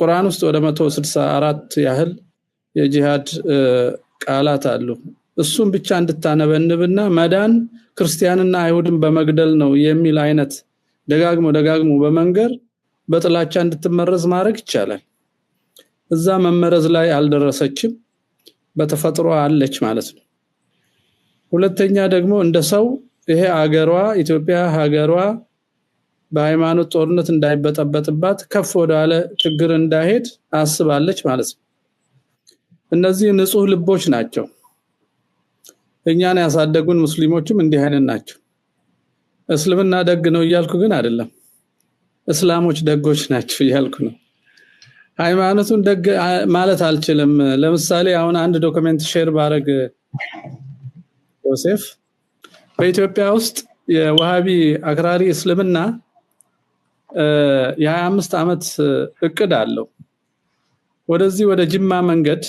ቁርአን ውስጥ ወደ 164 ያህል የጂሃድ ቃላት አሉ። እሱም ብቻ እንድታነበንብና መዳን ክርስቲያንና አይሁድን በመግደል ነው የሚል አይነት ደጋግሞ ደጋግሞ በመንገር በጥላቻ እንድትመረዝ ማድረግ ይቻላል። እዛ መመረዝ ላይ አልደረሰችም፣ በተፈጥሮ አለች ማለት ነው። ሁለተኛ ደግሞ እንደ ሰው ይሄ አገሯ ኢትዮጵያ ሀገሯ በሃይማኖት ጦርነት እንዳይበጠበጥባት ከፍ ወዳለ ችግር እንዳይሄድ አስባለች ማለት ነው። እነዚህ ንጹህ ልቦች ናቸው። እኛን ያሳደጉን ሙስሊሞችም እንዲህ አይነት ናቸው። እስልምና ደግ ነው እያልኩ ግን አይደለም። እስላሞች ደጎች ናቸው እያልኩ ነው። ሃይማኖቱን ደግ ማለት አልችልም። ለምሳሌ አሁን አንድ ዶክመንት ሼር ባረግ ዮሴፍ በኢትዮጵያ ውስጥ የውሃቢ አክራሪ እስልምና የሀያ አምስት ዓመት እቅድ አለው ወደዚህ ወደ ጅማ መንገድ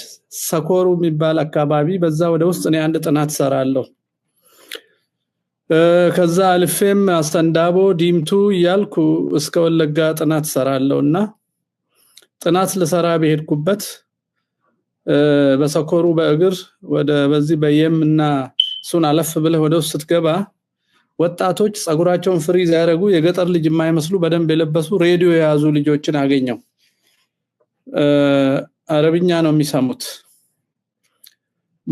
ሰኮሩ የሚባል አካባቢ በዛ ወደ ውስጥ እኔ አንድ ጥናት ሰራለሁ ከዛ አልፌም አስተንዳቦ ዲምቱ እያልኩ እስከ ወለጋ ጥናት ሰራለው እና ጥናት ልሰራ በሄድኩበት በሰኮሩ በእግር ወደ በዚህ በየም እና እሱን አለፍ ብለህ ወደ ውስጥ ስትገባ ወጣቶች ጸጉራቸውን ፍሪዝ ያደረጉ የገጠር ልጅ የማይመስሉ በደንብ የለበሱ ሬዲዮ የያዙ ልጆችን አገኘው አረብኛ ነው የሚሰሙት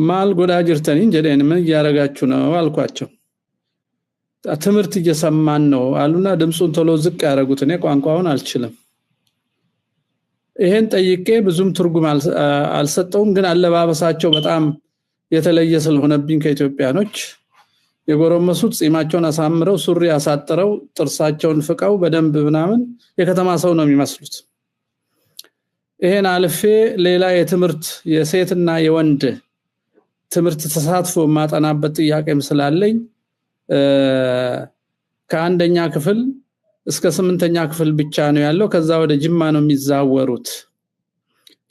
ማል ጎዳጅርተን እንጀደን ምን እያደረጋችሁ ነው አልኳቸው ትምህርት እየሰማን ነው አሉና ድምፁን ቶሎ ዝቅ ያደረጉት እኔ ቋንቋውን አልችልም ይሄን ጠይቄ ብዙም ትርጉም አልሰጠውም ግን አለባበሳቸው በጣም የተለየ ስለሆነብኝ ከኢትዮጵያኖች የጎረመሱት ጺማቸውን አሳምረው ሱሪ አሳጥረው ጥርሳቸውን ፍቀው በደንብ ምናምን የከተማ ሰው ነው የሚመስሉት ይሄን አልፌ ሌላ የትምህርት የሴትና የወንድ ትምህርት ተሳትፎ ማጠናበት ጥያቄም ስላለኝ ከአንደኛ ክፍል እስከ ስምንተኛ ክፍል ብቻ ነው ያለው ከዛ ወደ ጅማ ነው የሚዛወሩት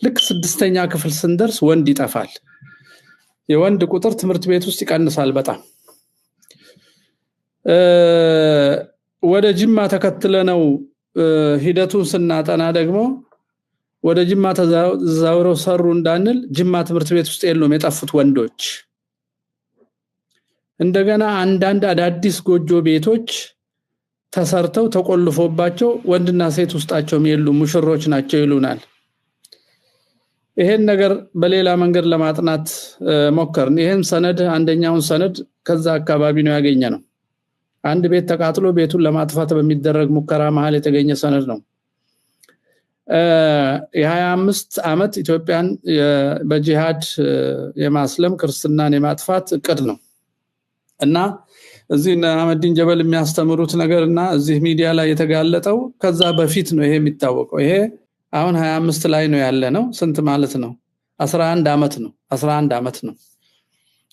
ልክ ስድስተኛ ክፍል ስንደርስ ወንድ ይጠፋል የወንድ ቁጥር ትምህርት ቤት ውስጥ ይቀንሳል በጣም ወደ ጅማ ተከትለነው ሂደቱን ስናጠና ደግሞ ወደ ጅማ ተዛውረው ሰሩ እንዳንል ጅማ ትምህርት ቤት ውስጥ የሉም የጠፉት ወንዶች እንደገና አንዳንድ አዳዲስ ጎጆ ቤቶች ተሰርተው ተቆልፎባቸው ወንድና ሴት ውስጣቸውም የሉ ሙሽሮች ናቸው ይሉናል ይሄን ነገር በሌላ መንገድ ለማጥናት ሞከርን ይህም ሰነድ አንደኛውን ሰነድ ከዛ አካባቢ ነው ያገኘ ነው አንድ ቤት ተቃጥሎ ቤቱን ለማጥፋት በሚደረግ ሙከራ መሀል የተገኘ ሰነድ ነው የሀያ አምስት ዓመት ኢትዮጵያን በጂሃድ የማስለም ክርስትናን የማጥፋት እቅድ ነው እና እዚህ አህመዲን ጀበል የሚያስተምሩት ነገር እና እዚህ ሚዲያ ላይ የተጋለጠው ከዛ በፊት ነው ይሄ የሚታወቀው ይሄ አሁን 25 ላይ ነው ያለ ነው ስንት ማለት ነው 11 ዓመት ነው አንድ ዓመት ነው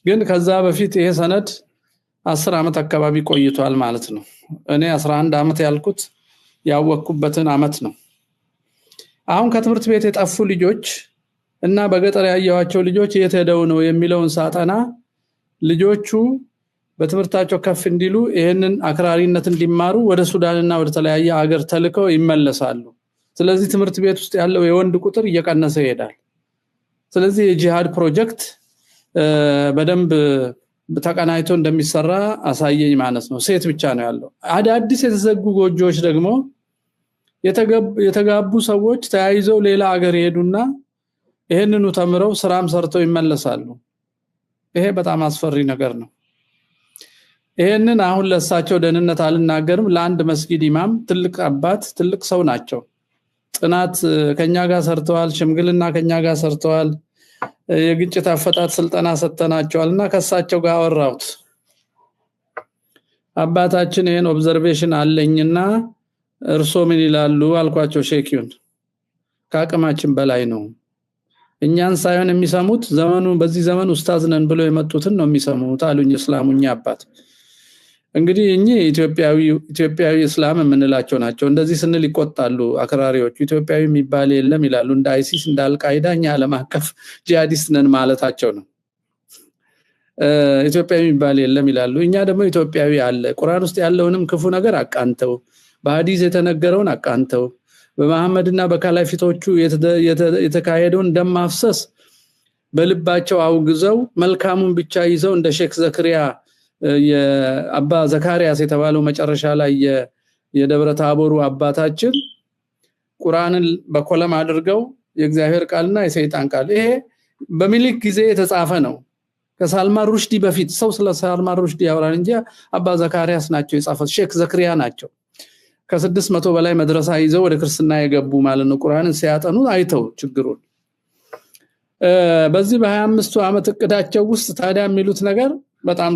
ግን ከዛ በፊት ይሄ ሰነድ አስር ዓመት አካባቢ ቆይቷል ማለት ነው እኔ አንድ ዓመት ያልኩት ያወቅኩበትን አመት ነው አሁን ከትምህርት ቤት የጠፉ ልጆች እና በገጠር ያየዋቸው ልጆች የት ሄደው ነው የሚለውን ሳጠና ልጆቹ በትምህርታቸው ከፍ እንዲሉ ይህንን አክራሪነት እንዲማሩ ወደ ሱዳንና ወደ ተለያየ ሀገር ተልከው ይመለሳሉ ስለዚህ ትምህርት ቤት ውስጥ ያለው የወንድ ቁጥር እየቀነሰ ይሄዳል ስለዚህ የጂሃድ ፕሮጀክት በደንብ ተቀናይቶ እንደሚሰራ አሳየኝ ማለት ነው ሴት ብቻ ነው ያለው አዳዲስ የተዘጉ ጎጆዎች ደግሞ የተጋቡ ሰዎች ተያይዘው ሌላ ሀገር ይሄዱና ይህንኑ ተምረው ስራም ሰርተው ይመለሳሉ ይሄ በጣም አስፈሪ ነገር ነው ይህንን አሁን ለሳቸው ደህንነት አልናገርም ለአንድ መስጊድ ኢማም ትልቅ አባት ትልቅ ሰው ናቸው ጥናት ከኛ ጋር ሰርተዋል ሽምግልና ከኛ ጋር ሰርተዋል የግጭት አፈታት ስልጠና ሰጥተናቸዋል እና ከሳቸው ጋር አወራሁት አባታችን ይሄን ኦብዘርቬሽን አለኝና እርሶ ምን ይላሉ አልኳቸው ሼኪውን ከአቅማችን በላይ ነው እኛን ሳይሆን የሚሰሙት ዘመኑ በዚህ ዘመን ኡስታዝ ነን ብሎ የመጡትን ነው የሚሰሙት አሉኝ እስላሙኛ አባት እንግዲህ እኚህ ኢትዮጵያዊ እስላም የምንላቸው ናቸው። እንደዚህ ስንል ይቆጣሉ አክራሪዎቹ። ኢትዮጵያዊ የሚባል የለም ይላሉ። እንደ አይሲስ እንደ አልቃይዳ እኛ አለም አቀፍ ጂሃዲስት ነን ማለታቸው ነው። ኢትዮጵያዊ የሚባል የለም ይላሉ። እኛ ደግሞ ኢትዮጵያዊ አለ። ቁርአን ውስጥ ያለውንም ክፉ ነገር አቃንተው፣ በሀዲስ የተነገረውን አቃንተው፣ በመሐመድና በካላፊቶቹ የተካሄደውን ደም ማፍሰስ በልባቸው አውግዘው መልካሙን ብቻ ይዘው እንደ ሼክ ዘክሪያ የአባ ዘካርያስ የተባለው መጨረሻ ላይ የደብረ ታቦሩ አባታችን ቁርአንን በኮለም አድርገው የእግዚአብሔር ቃልና የሰይጣን ቃል ይሄ በሚሊክ ጊዜ የተጻፈ ነው። ከሳልማን ሩሽዲ በፊት ሰው ስለ ሳልማን ሩሽዲ ያወራል እንጂ አባ ዘካርያስ ናቸው የጻፈት ሼክ ዘክሪያ ናቸው። ከስድስት መቶ በላይ መድረሳ ይዘው ወደ ክርስትና የገቡ ማለት ነው። ቁርአንን ሲያጠኑ አይተው ችግሩን በዚህ በሀያ አምስቱ ዓመት እቅዳቸው ውስጥ ታዲያ የሚሉት ነገር በጣም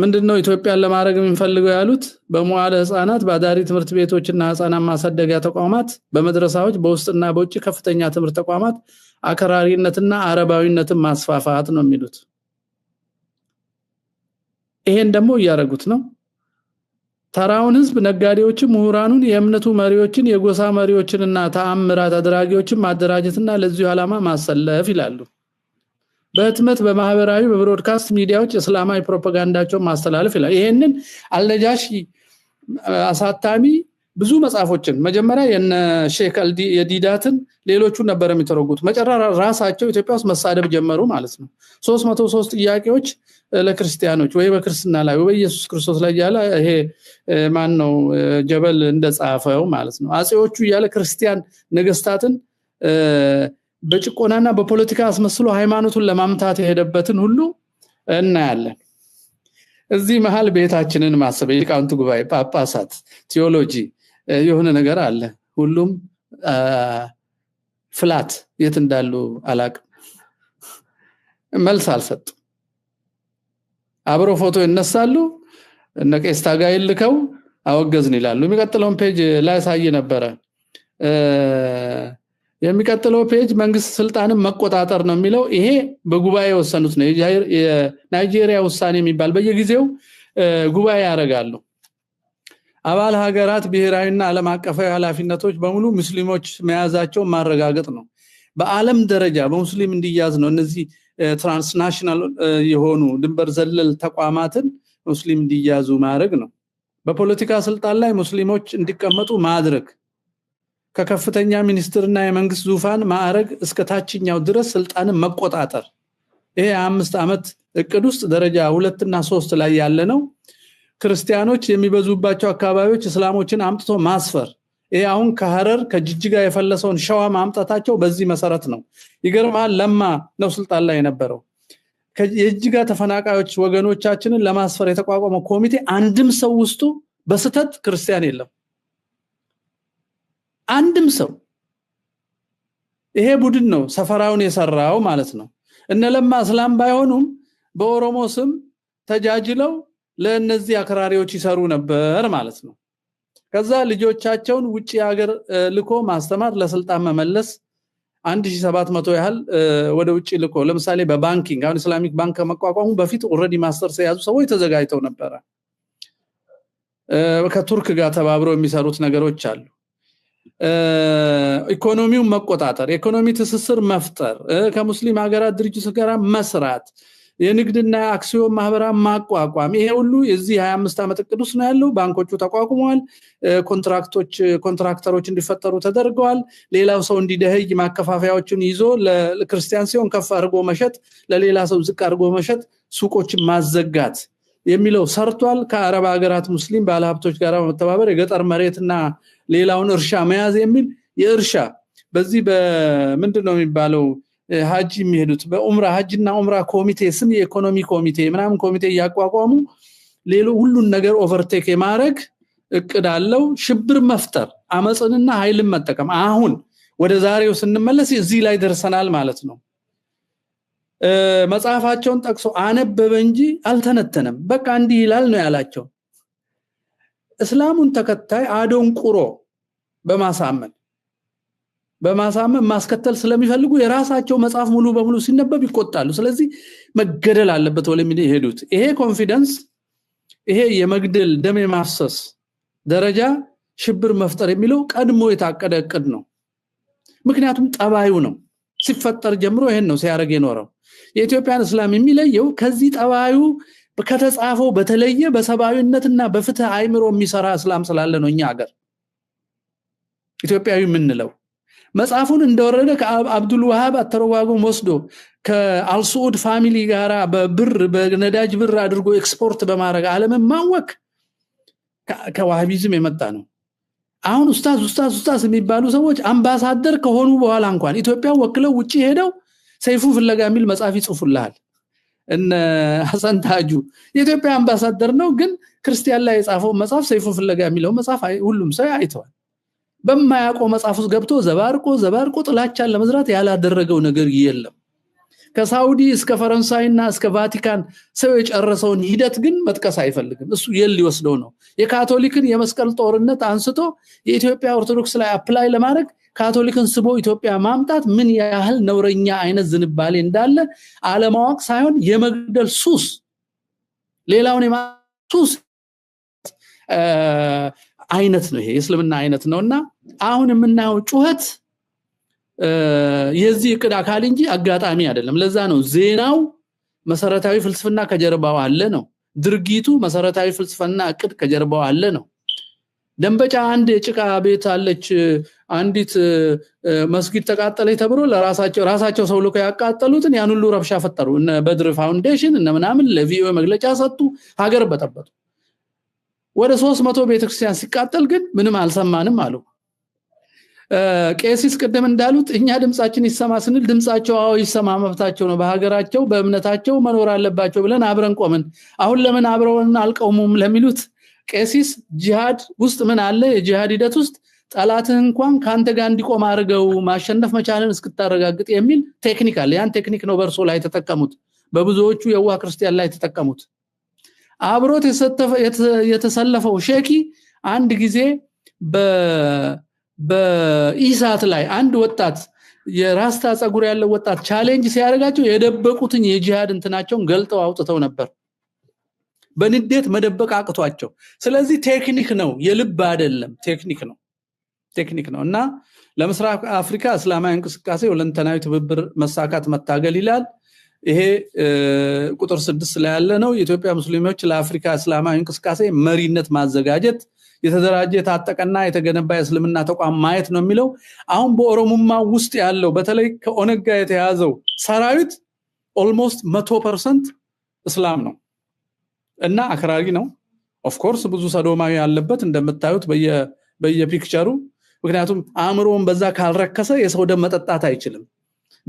ምንድን ነው ኢትዮጵያን ለማድረግ የሚፈልገው ያሉት በመዋለ ህፃናት በአዳሪ ትምህርት ቤቶችና ህፃናት ማሳደጊያ ተቋማት በመድረሳዎች በውስጥና በውጭ ከፍተኛ ትምህርት ተቋማት አከራሪነትና አረባዊነትን ማስፋፋት ነው የሚሉት ይሄን ደግሞ እያደረጉት ነው ተራውን ህዝብ ነጋዴዎችን ምሁራኑን የእምነቱ መሪዎችን የጎሳ መሪዎችንና ተአምራት አድራጊዎችን ማደራጀትና ለዚሁ ዓላማ ማሰለፍ ይላሉ በህትመት በማህበራዊ በብሮድካስት ሚዲያዎች እስላማዊ ፕሮፓጋንዳቸውን ማስተላለፍ ይላል ይሄንን አልነጃሺ አሳታሚ ብዙ መጽሐፎችን መጀመሪያ የነ ሼክ የዲዳትን ሌሎቹ ነበር የሚተረጉት መጨረሻ ራሳቸው ኢትዮጵያ ውስጥ መሳደብ ጀመሩ ማለት ነው ሶስት መቶ ሶስት ጥያቄዎች ለክርስቲያኖች ወይ በክርስትና ላይ በኢየሱስ ክርስቶስ ላይ እያለ ይሄ ማን ነው ጀበል እንደጻፈው ማለት ነው አጼዎቹ እያለ ክርስቲያን ነገስታትን በጭቆናና በፖለቲካ አስመስሎ ሃይማኖቱን ለማምታት የሄደበትን ሁሉ እናያለን። እዚህ መሀል ቤታችንን ማሰብ የሊቃውንት ጉባኤ ጳጳሳት፣ ቴዎሎጂ የሆነ ነገር አለ። ሁሉም ፍላት የት እንዳሉ አላቅ መልስ አልሰጡም። አብረው ፎቶ ይነሳሉ። እነ ቄስ ታጋይ ልከው አወገዝን ይላሉ። የሚቀጥለውን ፔጅ ላይ ሳይ ነበረ የሚቀጥለው ፔጅ መንግስት ስልጣንን መቆጣጠር ነው የሚለው ይሄ በጉባኤ የወሰኑት ነው የናይጄሪያ ውሳኔ የሚባል በየጊዜው ጉባኤ ያደርጋሉ አባል ሀገራት ብሔራዊና ዓለም አቀፋዊ ኃላፊነቶች በሙሉ ሙስሊሞች መያዛቸው ማረጋገጥ ነው በአለም ደረጃ በሙስሊም እንዲያዝ ነው እነዚህ ትራንስናሽናል የሆኑ ድንበር ዘለል ተቋማትን ሙስሊም እንዲያዙ ማድረግ ነው በፖለቲካ ስልጣን ላይ ሙስሊሞች እንዲቀመጡ ማድረግ ከከፍተኛ ሚኒስትርና የመንግስት ዙፋን ማዕረግ እስከ ታችኛው ድረስ ስልጣንን መቆጣጠር ይሄ የአምስት ዓመት እቅድ ውስጥ ደረጃ ሁለትና ሶስት ላይ ያለ ነው ክርስቲያኖች የሚበዙባቸው አካባቢዎች እስላሞችን አምጥቶ ማስፈር ይህ አሁን ከሀረር ከጅጅጋ የፈለሰውን ሸዋ ማምጣታቸው በዚህ መሰረት ነው ይገርማል ለማ ነው ስልጣን ላይ የነበረው የእጅጋ ተፈናቃዮች ወገኖቻችንን ለማስፈር የተቋቋመው ኮሚቴ አንድም ሰው ውስጡ በስተት ክርስቲያን የለም አንድም ሰው ይሄ ቡድን ነው ሰፈራውን የሰራው ማለት ነው ለማ እስላም ባይሆኑም በኦሮሞ ስም ተጃጅለው ለእነዚህ አክራሪዎች ይሰሩ ነበር ማለት ነው ከዛ ልጆቻቸውን ውጭ ሀገር ልኮ ማስተማር ለስልጣን መመለስ መቶ ያህል ወደ ውጪ ልኮ ለምሳሌ በባንኪንግ አሁን ኢስላሚክ ባንክ ከመቋቋሙ በፊት ኦልሬዲ ማስተር የያዙ ሰዎች ተዘጋጅተው ነበረ ከቱርክ ጋር ተባብረው የሚሰሩት ነገሮች አሉ ኢኮኖሚውን መቆጣጠር፣ የኢኮኖሚ ትስስር መፍጠር፣ ከሙስሊም ሀገራት ድርጅት ጋር መስራት፣ የንግድና አክሲዮ ማህበራ ማቋቋም፣ ይሄ ሁሉ የዚህ አምስት ዓመት እቅድ ውስጥ ነው ያለው። ባንኮቹ ተቋቁመዋል። ኮንትራክቶች ኮንትራክተሮች እንዲፈጠሩ ተደርገዋል። ሌላው ሰው እንዲደህይ ማከፋፈያዎችን ይዞ ለክርስቲያን ሲሆን ከፍ አድርጎ መሸጥ፣ ለሌላ ሰው ዝቅ አድርጎ መሸጥ፣ ሱቆችን ማዘጋት የሚለው ሰርቷል። ከአረብ ሀገራት ሙስሊም ባለሀብቶች ጋር በመተባበር የገጠር መሬትና ሌላውን እርሻ መያዝ የሚል የእርሻ በዚህ በምንድን ነው የሚባለው ሀጅ የሚሄዱት በኡምራ ሀጅና ኡምራ ኮሚቴ ስም የኢኮኖሚ ኮሚቴ ምናምን ኮሚቴ እያቋቋሙ ሌሎ ሁሉን ነገር ኦቨርቴክ የማድረግ እቅድ አለው። ሽብር መፍጠር፣ አመፅንና ኃይልን መጠቀም። አሁን ወደ ዛሬው ስንመለስ እዚህ ላይ ደርሰናል ማለት ነው። መጽሐፋቸውን ጠቅሶ አነበበ እንጂ አልተነተነም። በቃ እንዲህ ይላል ነው ያላቸው። እስላሙን ተከታይ አደንቁሮ በማሳመን በማሳመን ማስከተል ስለሚፈልጉ የራሳቸው መጽሐፍ ሙሉ በሙሉ ሲነበብ ይቆጣሉ ስለዚህ መገደል አለበት ወለሚ የሄዱት ይሄ ኮንፊደንስ ይሄ የመግደል ደም የማሰስ ደረጃ ሽብር መፍጠር የሚለው ቀድሞ የታቀደ እቅድ ነው ምክንያቱም ጠባዩ ነው ሲፈጠር ጀምሮ ይሄን ነው ሲያደርግ የኖረው የኢትዮጵያን እስላም የሚለየው ከዚህ ጠባዩ ከተጻፈው በተለየ በሰብአዊነትና በፍትህ አይምሮ የሚሰራ እስላም ስላለ ነው እኛ ሀገር ኢትዮጵያዊ የምንለው መጽሐፉን እንደወረደ ከአብዱል ውሃብ አተረጓጎም ወስዶ ከአልስዑድ ፋሚሊ ጋር በብር በነዳጅ ብር አድርጎ ኤክስፖርት በማድረግ አለምን ማወክ ከዋሃቢዝም የመጣ ነው አሁን ኡስታዝ ኡስታዝ ኡስታዝ የሚባሉ ሰዎች አምባሳደር ከሆኑ በኋላ እንኳን ኢትዮጵያ ወክለው ውጭ ሄደው ሰይፉ ፍለጋ የሚል መጽሐፍ ይጽፉልሃል እነ ሐሰን ታጁ የኢትዮጵያ አምባሳደር ነው ግን ክርስቲያን ላይ የጻፈው መጽሐፍ ሰይፉ ፍለጋ የሚለው መጽሐፍ ሁሉም ሰው አይተዋል በማያውቀው መጽሐፍ ውስጥ ገብቶ ዘባርቆ ዘባርቆ ጥላቻን ለመዝራት ያላደረገው ነገር የለም። ከሳውዲ እስከ ፈረንሳይና እስከ ቫቲካን ሰው የጨረሰውን ሂደት ግን መጥቀስ አይፈልግም። እሱ የት ሊወስደው ነው? የካቶሊክን የመስቀል ጦርነት አንስቶ የኢትዮጵያ ኦርቶዶክስ ላይ አፕላይ ለማድረግ ካቶሊክን ስቦ ኢትዮጵያ ማምጣት ምን ያህል ነውረኛ አይነት ዝንባሌ እንዳለ አለማወቅ ሳይሆን የመግደል ሱስ ሌላውን ሱስ አይነት ነው ይሄ የእስልምና አይነት ነው እና አሁን የምናየው ጩኸት የዚህ እቅድ አካል እንጂ አጋጣሚ አይደለም ለዛ ነው ዜናው መሰረታዊ ፍልስፍና ከጀርባው አለ ነው ድርጊቱ መሰረታዊ ፍልስፍና እቅድ ከጀርባው አለ ነው ደንበጫ አንድ የጭቃ ቤት አለች አንዲት መስጊድ ተቃጠለች ተብሎ ራሳቸው ሰው ልኮ ያቃጠሉትን ያን ሁሉ ረብሻ ፈጠሩ በድር ፋውንዴሽን እነ ምናምን ለቪኦኤ መግለጫ ሰጡ ሀገር በጠበጡ ወደ ሶስት መቶ ቤተክርስቲያን ሲቃጠል ግን ምንም አልሰማንም አሉ ቄሲስ ቅድም እንዳሉት እኛ ድምፃችን ይሰማ ስንል ድምፃቸው አዎ ይሰማ መብታቸው ነው በሀገራቸው በእምነታቸው መኖር አለባቸው ብለን አብረን ቆምን አሁን ለምን አብረውን አልቀውሙም ለሚሉት ቄሲስ ጂሃድ ውስጥ ምን አለ የጂሃድ ሂደት ውስጥ ጠላትህ እንኳን ከአንተ ጋር እንዲቆም አድርገው ማሸነፍ መቻልን እስክታረጋግጥ የሚል ቴክኒክ አለ ያን ቴክኒክ ነው በእርሶ ላይ ተጠቀሙት በብዙዎቹ የዋ ክርስቲያን ላይ ተጠቀሙት አብሮት የተሰለፈው ሼኪ አንድ ጊዜ በኢሳት ላይ አንድ ወጣት የራስታ ጸጉር ያለው ወጣት ቻሌንጅ ሲያደርጋቸው የደበቁትን የጂሃድ እንትናቸውን ገልጠው አውጥተው ነበር በንዴት መደበቅ አቅቷቸው ስለዚህ ቴክኒክ ነው የልብ አይደለም ቴክኒክ ነው ቴክኒክ ነው እና ለምስራቅ አፍሪካ እስላማዊ እንቅስቃሴ ሁለንተናዊ ትብብር መሳካት መታገል ይላል ይሄ ቁጥር ስድስት ላይ ያለ ነው። የኢትዮጵያ ሙስሊሞች ለአፍሪካ እስላማዊ እንቅስቃሴ መሪነት ማዘጋጀት የተደራጀ የታጠቀና የተገነባ የእስልምና ተቋም ማየት ነው የሚለው። አሁን በኦሮሞማ ውስጥ ያለው በተለይ ከኦነግ ጋር የተያዘው ሰራዊት ኦልሞስት መቶ ፐርሰንት እስላም ነው እና አክራሪ ነው። ኦፍኮርስ ብዙ ሰዶማዊ ያለበት እንደምታዩት በየፒክቸሩ። ምክንያቱም አእምሮውን በዛ ካልረከሰ የሰው ደም መጠጣት አይችልም።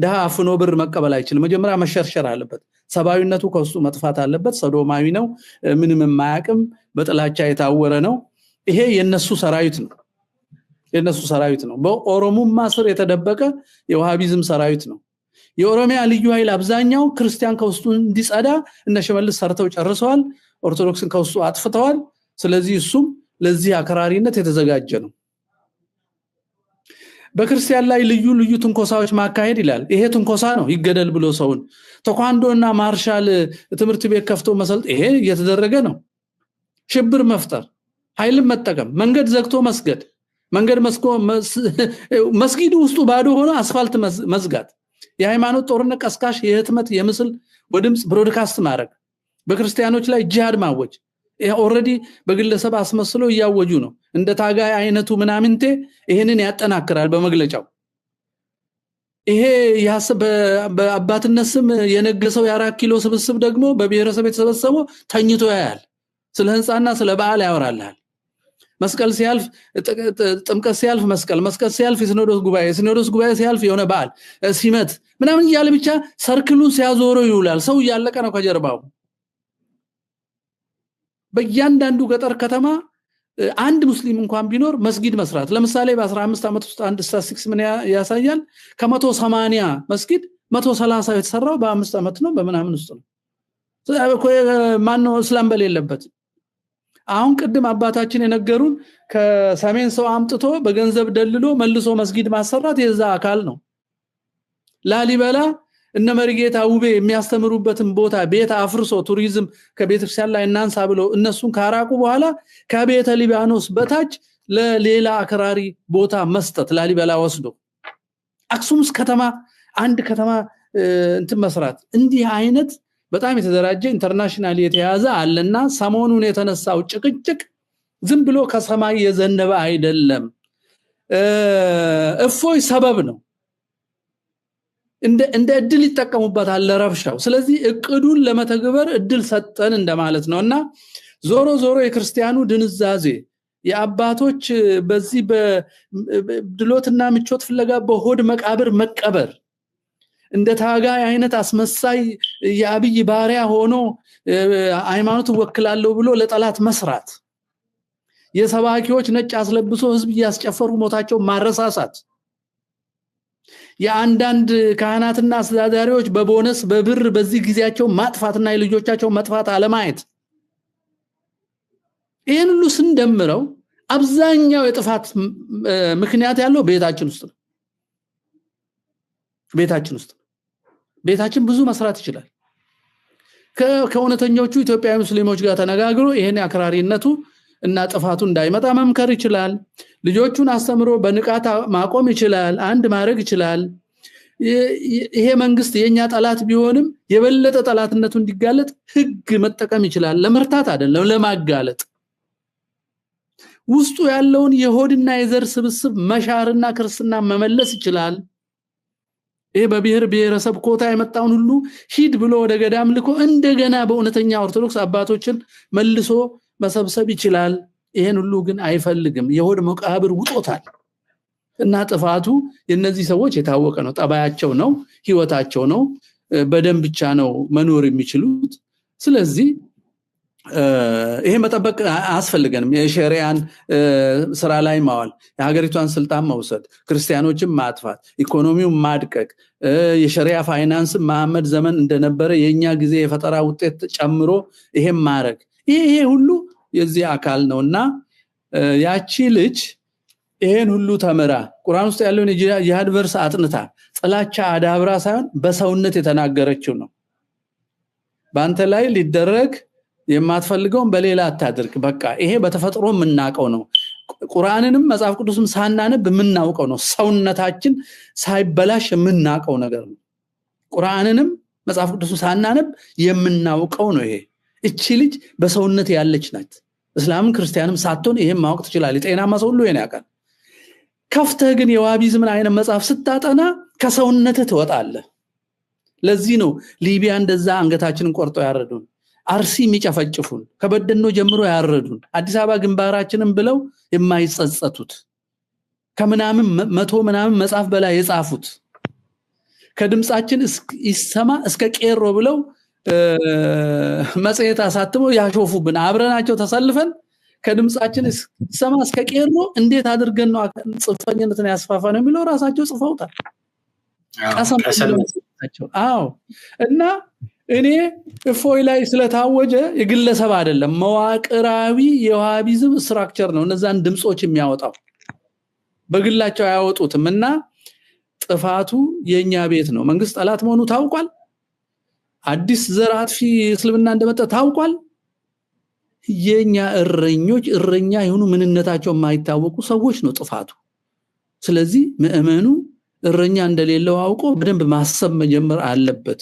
ድሃ አፍኖ ብር መቀበል አይችልም። መጀመሪያ መሸርሸር አለበት። ሰብአዊነቱ ከሱ መጥፋት አለበት። ሰዶማዊ ነው፣ ምንም የማያቅም በጥላቻ የታወረ ነው። ይሄ የነሱ ሰራዊት ነው የነሱ ሰራዊት ነው። በኦሮሙማ ስር የተደበቀ የውሃቢዝም ሰራዊት ነው። የኦሮሚያ ልዩ ኃይል አብዛኛው ክርስቲያን ከውስጡ እንዲጸዳ እነ ሽመልስ ሰርተው ጨርሰዋል። ኦርቶዶክስን ከውስጡ አጥፍተዋል። ስለዚህ እሱም ለዚህ አክራሪነት የተዘጋጀ ነው። በክርስቲያን ላይ ልዩ ልዩ ትንኮሳዎች ማካሄድ ይላል ይሄ ትንኮሳ ነው ይገደል ብሎ ሰውን ተኳንዶ እና ማርሻል ትምህርት ቤት ከፍቶ መሰልጥ ይሄ እየተደረገ ነው ሽብር መፍጠር ኃይልን መጠቀም መንገድ ዘግቶ መስገድ መንገድ መስጊድ ውስጡ ባዶ ሆነ አስፋልት መዝጋት የሃይማኖት ጦርነት ቀስቃሽ የህትመት የምስል በድምፅ ብሮድካስት ማድረግ በክርስቲያኖች ላይ ጂሃድ ማወጅ ኦረዲ በግለሰብ አስመስሎ እያወጁ ነው እንደ ታጋይ አይነቱ ምናምንቴ ይህንን ያጠናክራል በመግለጫው ይሄ በአባትነት ስም የነገሰው የአራት ኪሎ ስብስብ ደግሞ በብሔረሰብ የተሰበሰበው ተኝቶ ያያል ስለ ህንፃና ስለ በዓል ያወራልል መስቀል ሲያልፍ ጥምቀት ሲያልፍ መስቀል መስቀል ሲያልፍ የሲኖዶስ ጉባኤ የሲኖዶስ ጉባኤ ሲያልፍ የሆነ በዓል ሲመት ምናምን እያለ ብቻ ሰርክሉን ሲያዞረው ይውላል ሰው እያለቀ ነው ከጀርባው በእያንዳንዱ ገጠር ከተማ አንድ ሙስሊም እንኳን ቢኖር መስጊድ መስራት ለምሳሌ በ15 ዓመት ውስጥ አንድ ስታስቲክስ ምን ያሳያል ከመቶ ሰማኒያ መስጊድ መቶ ሰላሳ የተሰራው በአምስት ዓመት ነው በምናምን ውስጥ ነው ማነው እስላም በሌለበት አሁን ቅድም አባታችን የነገሩን ከሰሜን ሰው አምጥቶ በገንዘብ ደልሎ መልሶ መስጊድ ማሰራት የዛ አካል ነው ላሊበላ እነ መሪጌታ ውቤ የሚያስተምሩበትን ቦታ ቤት አፍርሶ ቱሪዝም ከቤተክርስቲያን ላይ እናንሳ ብሎ እነሱን ካራቁ በኋላ ከቤተ ሊባኖስ በታች ለሌላ አክራሪ ቦታ መስጠት ላሊበላ ወስዶ አክሱምስ ከተማ አንድ ከተማ እንትን መስራት እንዲህ አይነት በጣም የተደራጀ ኢንተርናሽናል የተያዘ አለና ሰሞኑን የተነሳው ጭቅጭቅ ዝም ብሎ ከሰማይ የዘነበ አይደለም እፎይ ሰበብ ነው እንደ እድል ይጠቀሙበታል ለረብሻው። ስለዚህ እቅዱን ለመተግበር እድል ሰጠን እንደማለት ነው እና ዞሮ ዞሮ የክርስቲያኑ ድንዛዜ የአባቶች በዚህ በድሎትና ምቾት ፍለጋ በሆድ መቃብር መቀበር እንደ ታጋይ አይነት አስመሳይ የአብይ ባሪያ ሆኖ ሃይማኖት እወክላለሁ ብሎ ለጠላት መስራት፣ የሰባኪዎች ነጭ አስለብሶ ህዝብ እያስጨፈሩ ሞታቸው ማረሳሳት የአንዳንድ ካህናትና አስተዳዳሪዎች በቦነስ በብር በዚህ ጊዜያቸው ማጥፋትና የልጆቻቸው መጥፋት አለማየት ይህን ሁሉ ስንደምረው አብዛኛው የጥፋት ምክንያት ያለው ቤታችን ውስጥ ነው ቤታችን ውስጥ ቤታችን ብዙ መስራት ይችላል ከእውነተኞቹ ኢትዮጵያዊ ሙስሊሞች ጋር ተነጋግሮ ይህን አክራሪነቱ እና ጥፋቱ እንዳይመጣ መምከር ይችላል። ልጆቹን አስተምሮ በንቃት ማቆም ይችላል። አንድ ማድረግ ይችላል። ይሄ መንግስት የእኛ ጠላት ቢሆንም የበለጠ ጠላትነቱ እንዲጋለጥ ህግ መጠቀም ይችላል። ለመርታት አይደለም፣ ለማጋለጥ ውስጡ ያለውን የሆድና የዘር ስብስብ መሻርና ክርስትና መመለስ ይችላል። ይህ በብሔር ብሔረሰብ ኮታ የመጣውን ሁሉ ሂድ ብሎ ወደ ገዳም ልኮ እንደገና በእውነተኛ ኦርቶዶክስ አባቶችን መልሶ መሰብሰብ ይችላል። ይሄን ሁሉ ግን አይፈልግም። የሆድ መቃብር ውጦታል እና ጥፋቱ የነዚህ ሰዎች የታወቀ ነው። ጠባያቸው ነው፣ ህይወታቸው ነው። በደም ብቻ ነው መኖር የሚችሉት። ስለዚህ ይሄ መጠበቅ አያስፈልገንም። የሸሪያን ስራ ላይ ማዋል፣ የሀገሪቷን ስልጣን መውሰድ፣ ክርስቲያኖችን ማጥፋት፣ ኢኮኖሚውን ማድቀቅ፣ የሸሪያ ፋይናንስ መሐመድ ዘመን እንደነበረ የእኛ ጊዜ የፈጠራ ውጤት ጨምሮ ይሄም ማድረግ ይሄ ሁሉ የዚህ አካል ነውና ያቺ ልጅ ይሄን ሁሉ ተምራ ቁርአን ውስጥ ያለውን የጂሃድ ቨርስ አጥንታ ጥላቻ አዳብራ ሳይሆን በሰውነት የተናገረችው ነው በአንተ ላይ ሊደረግ የማትፈልገውን በሌላ አታድርግ በቃ ይሄ በተፈጥሮ የምናውቀው ነው ቁርአንንም መጽሐፍ ቅዱስም ሳናነብ የምናውቀው ነው ሰውነታችን ሳይበላሽ የምናውቀው ነገር ነው ቁርአንንም መጽሐፍ ቅዱስም ሳናነብ የምናውቀው ነው ይሄ እቺ ልጅ በሰውነት ያለች ናት። እስላምን ክርስቲያንም ሳትሆን ይህም ማወቅ ትችላል ጤናማ ሰው ሁሉ ይሄን ያውቃል። ከፍተህ ግን የዋቢዝምን አይነት መጽሐፍ ስታጠና ከሰውነትህ ትወጣለህ። ለዚህ ነው ሊቢያ እንደዛ አንገታችንን ቆርጦ ያረዱን፣ አርሲ የሚጨፈጭፉን፣ ከበደኖ ጀምሮ ያረዱን፣ አዲስ አበባ ግንባራችንን ብለው የማይጸጸቱት ከምናምን መቶ ምናምን መጽሐፍ በላይ የጻፉት ከድምፃችን ይሰማ እስከ ቄሮ ብለው መጽሔት አሳትመው ያሾፉብን አብረናቸው ተሰልፈን ከድምፃችን ሰማ እስከ ቄሮ እንዴት አድርገን ነው ጽንፈኝነትን ያስፋፋ ነው የሚለው ራሳቸው ጽፈውታል አዎ እና እኔ እፎይ ላይ ስለታወጀ የግለሰብ አይደለም መዋቅራዊ የውሃቢዝም ስትራክቸር ነው እነዛን ድምፆች የሚያወጣው በግላቸው አያወጡትም እና ጥፋቱ የእኛ ቤት ነው መንግስት ጠላት መሆኑ ታውቋል አዲስ ዘር አጥፊ እስልምና እንደመጣ ታውቋል። የኛ እረኞች እረኛ የሆኑ ምንነታቸው የማይታወቁ ሰዎች ነው ጥፋቱ። ስለዚህ ምእመኑ እረኛ እንደሌለው አውቆ በደንብ ማሰብ መጀመር አለበት።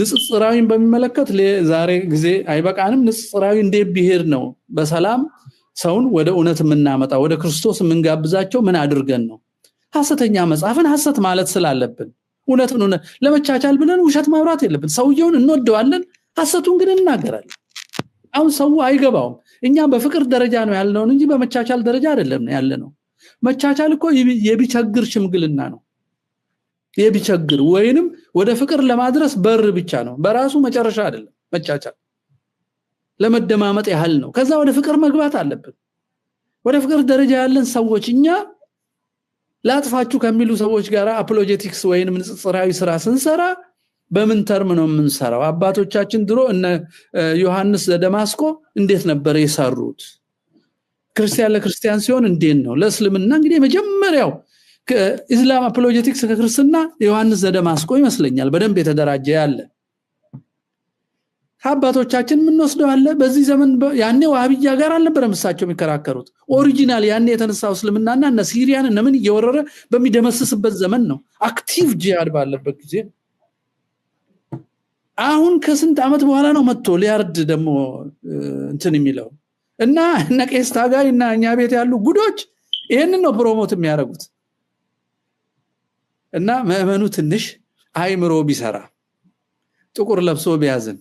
ንጽጽራዊን በሚመለከት ዛሬ ጊዜ አይበቃንም። ንጽጽራዊ እንዴት ቢሄድ ነው በሰላም ሰውን ወደ እውነት የምናመጣ ወደ ክርስቶስ የምንጋብዛቸው ምን አድርገን ነው? ሀሰተኛ መጽሐፍን ሀሰት ማለት ስላለብን እውነት ነው ለመቻቻል ብለን ውሸት ማብራት የለብን ሰውየውን እንወደዋለን ሀሰቱን ግን እናገራለን አሁን ሰው አይገባውም እኛ በፍቅር ደረጃ ነው ያለውን እንጂ በመቻቻል ደረጃ አይደለም ያለ ነው መቻቻል እኮ የቢቸግር ሽምግልና ነው የቢቸግር ወይንም ወደ ፍቅር ለማድረስ በር ብቻ ነው በራሱ መጨረሻ አይደለም መቻቻል ለመደማመጥ ያህል ነው ከዛ ወደ ፍቅር መግባት አለብን ወደ ፍቅር ደረጃ ያለን ሰዎች እኛ ላጥፋችሁ ከሚሉ ሰዎች ጋር አፖሎጀቲክስ ወይም ንጽጽራዊ ስራ ስንሰራ በምን ተርም ነው የምንሰራው አባቶቻችን ድሮ እነ ዮሐንስ ዘደማስቆ እንዴት ነበር የሰሩት ክርስቲያን ለክርስቲያን ሲሆን እንዴት ነው ለእስልምና እንግዲህ መጀመሪያው ኢስላም አፕሎጀቲክስ ከክርስትና ዮሐንስ ዘደማስቆ ይመስለኛል በደንብ የተደራጀ ያለ ከአባቶቻችን የምንወስደው አለ በዚህ ዘመን ያኔ ዋህብያ ጋር አልነበረም እሳቸው የሚከራከሩት ኦሪጂናል ያኔ የተነሳው እስልምናና እነ ሲሪያን እነምን እየወረረ በሚደመስስበት ዘመን ነው አክቲቭ ጂሃድ ባለበት ጊዜ አሁን ከስንት ዓመት በኋላ ነው መጥቶ ሊያርድ ደግሞ እንትን የሚለው እና እነ ቄስ ታጋይ እና እኛ ቤት ያሉ ጉዶች ይህንን ነው ፕሮሞት የሚያደርጉት እና ምእመኑ ትንሽ አይምሮ ቢሰራ ጥቁር ለብሶ ቢያዝን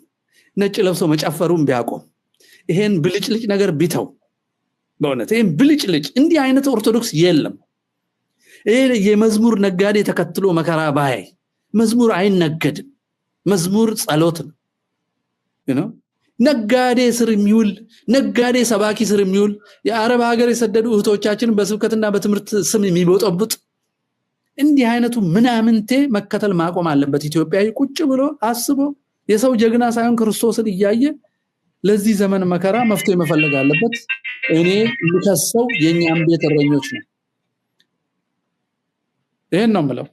ነጭ ለብሶ መጨፈሩን ቢያቆም ይሄን ብልጭልጭ ነገር ቢተው በእውነት ይህን ብልጭልጭ እንዲህ አይነት ኦርቶዶክስ የለም ይሄ የመዝሙር ነጋዴ ተከትሎ መከራ ባይ መዝሙር አይነገድም መዝሙር ጸሎት ነው ነጋዴ ስር የሚውል ነጋዴ ሰባኪ ስር የሚውል የአረብ ሀገር የሰደዱ እህቶቻችንን በስብከትና በትምህርት ስም የሚቦጠቡጥ እንዲህ አይነቱ ምናምንቴ መከተል ማቆም አለበት ኢትዮጵያዊ ቁጭ ብሎ አስቦ የሰው ጀግና ሳይሆን ክርስቶስን እያየ ለዚህ ዘመን መከራ መፍትሄ መፈለግ አለበት። እኔ ልከሰው የእኛም ቤት እረኞች ነው። ይህን ነው ምለው።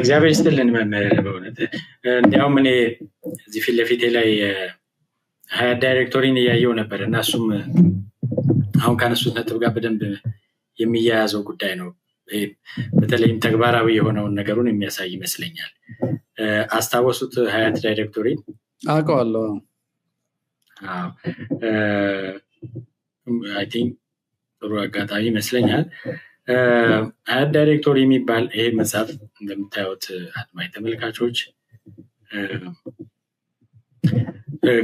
እግዚአብሔር ይስጥልን መምህር። በእውነት እንዲያውም እኔ እዚህ ፊት ለፊቴ ላይ ሀያት ዳይሬክቶሪን እያየው ነበር እና እሱም አሁን ካነሱት ነጥብ ጋር በደንብ የሚያያዘው ጉዳይ ነው። በተለይም ተግባራዊ የሆነውን ነገሩን የሚያሳይ ይመስለኛል። አስታወሱት ሀያት ዳይሬክቶሪ አውቀዋለሁ ጥሩ አጋጣሚ ይመስለኛል ሀያት ዳይሬክቶሪ የሚባል ይሄ መጽሐፍ እንደምታዩት አድማይ ተመልካቾች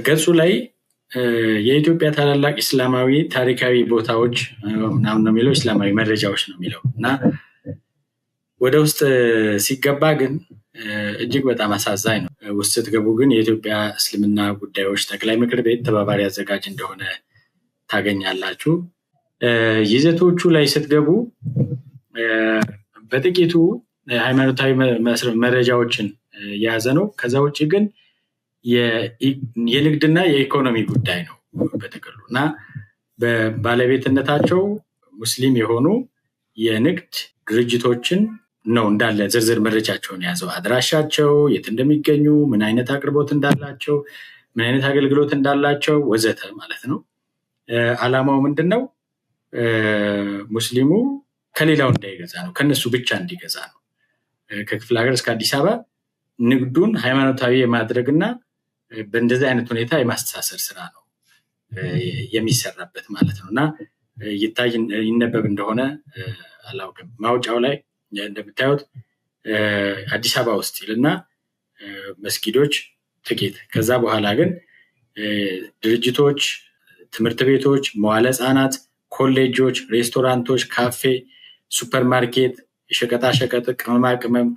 ገጹ ላይ የኢትዮጵያ ታላላቅ እስላማዊ ታሪካዊ ቦታዎች ምናምን ነው የሚለው እስላማዊ መረጃዎች ነው የሚለው እና ወደ ውስጥ ሲገባ ግን እጅግ በጣም አሳዛኝ ነው። ውስጥ ስትገቡ ግን የኢትዮጵያ እስልምና ጉዳዮች ጠቅላይ ምክር ቤት ተባባሪ አዘጋጅ እንደሆነ ታገኛላችሁ። ይዘቶቹ ላይ ስትገቡ በጥቂቱ ሃይማኖታዊ መረጃዎችን የያዘ ነው። ከዛ ውጭ ግን የንግድና የኢኮኖሚ ጉዳይ ነው በጥቅሉ እና በባለቤትነታቸው ሙስሊም የሆኑ የንግድ ድርጅቶችን ነው እንዳለ ዝርዝር መረጃቸውን የያዘው አድራሻቸው፣ የት እንደሚገኙ፣ ምን አይነት አቅርቦት እንዳላቸው፣ ምን አይነት አገልግሎት እንዳላቸው ወዘተ ማለት ነው። አላማው ምንድን ነው? ሙስሊሙ ከሌላው እንዳይገዛ ነው፣ ከነሱ ብቻ እንዲገዛ ነው። ከክፍለ ሀገር እስከ አዲስ አበባ ንግዱን ሃይማኖታዊ የማድረግና በእንደዚህ አይነት ሁኔታ የማስተሳሰር ስራ ነው የሚሰራበት ማለት ነው እና ይታይ ይነበብ እንደሆነ አላውቅም ማውጫው ላይ እንደምታዩት አዲስ አበባ ውስጥ ይልና መስጊዶች ጥቂት፣ ከዛ በኋላ ግን ድርጅቶች፣ ትምህርት ቤቶች፣ መዋለ ህጻናት፣ ኮሌጆች፣ ሬስቶራንቶች፣ ካፌ፣ ሱፐርማርኬት፣ የሸቀጣሸቀጥ፣ ቅመማ ቅመም፣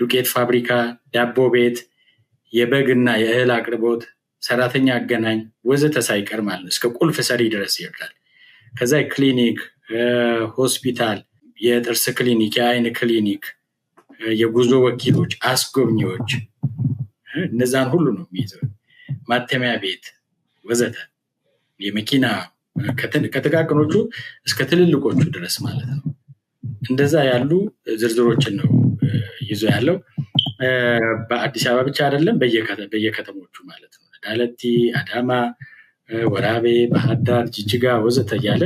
ዱቄት ፋብሪካ፣ ዳቦ ቤት፣ የበግና የእህል አቅርቦት፣ ሰራተኛ አገናኝ ወዘተ ሳይቀር ማለት ነው። እስከ ቁልፍ ሰሪ ድረስ ይሄዳል። ከዛ ክሊኒክ፣ ሆስፒታል የጥርስ ክሊኒክ፣ የአይን ክሊኒክ፣ የጉዞ ወኪሎች፣ አስጎብኚዎች እነዛን ሁሉ ነው የሚይዘው። ማተሚያ ቤት ወዘተ የመኪና ከጥቃቅኖቹ እስከ ትልልቆቹ ድረስ ማለት ነው። እንደዛ ያሉ ዝርዝሮችን ነው ይዞ ያለው። በአዲስ አበባ ብቻ አይደለም፣ በየከተሞቹ ማለት ነው። ዳለቲ፣ አዳማ፣ ወራቤ፣ ባህርዳር፣ ጅጅጋ ወዘተ እያለ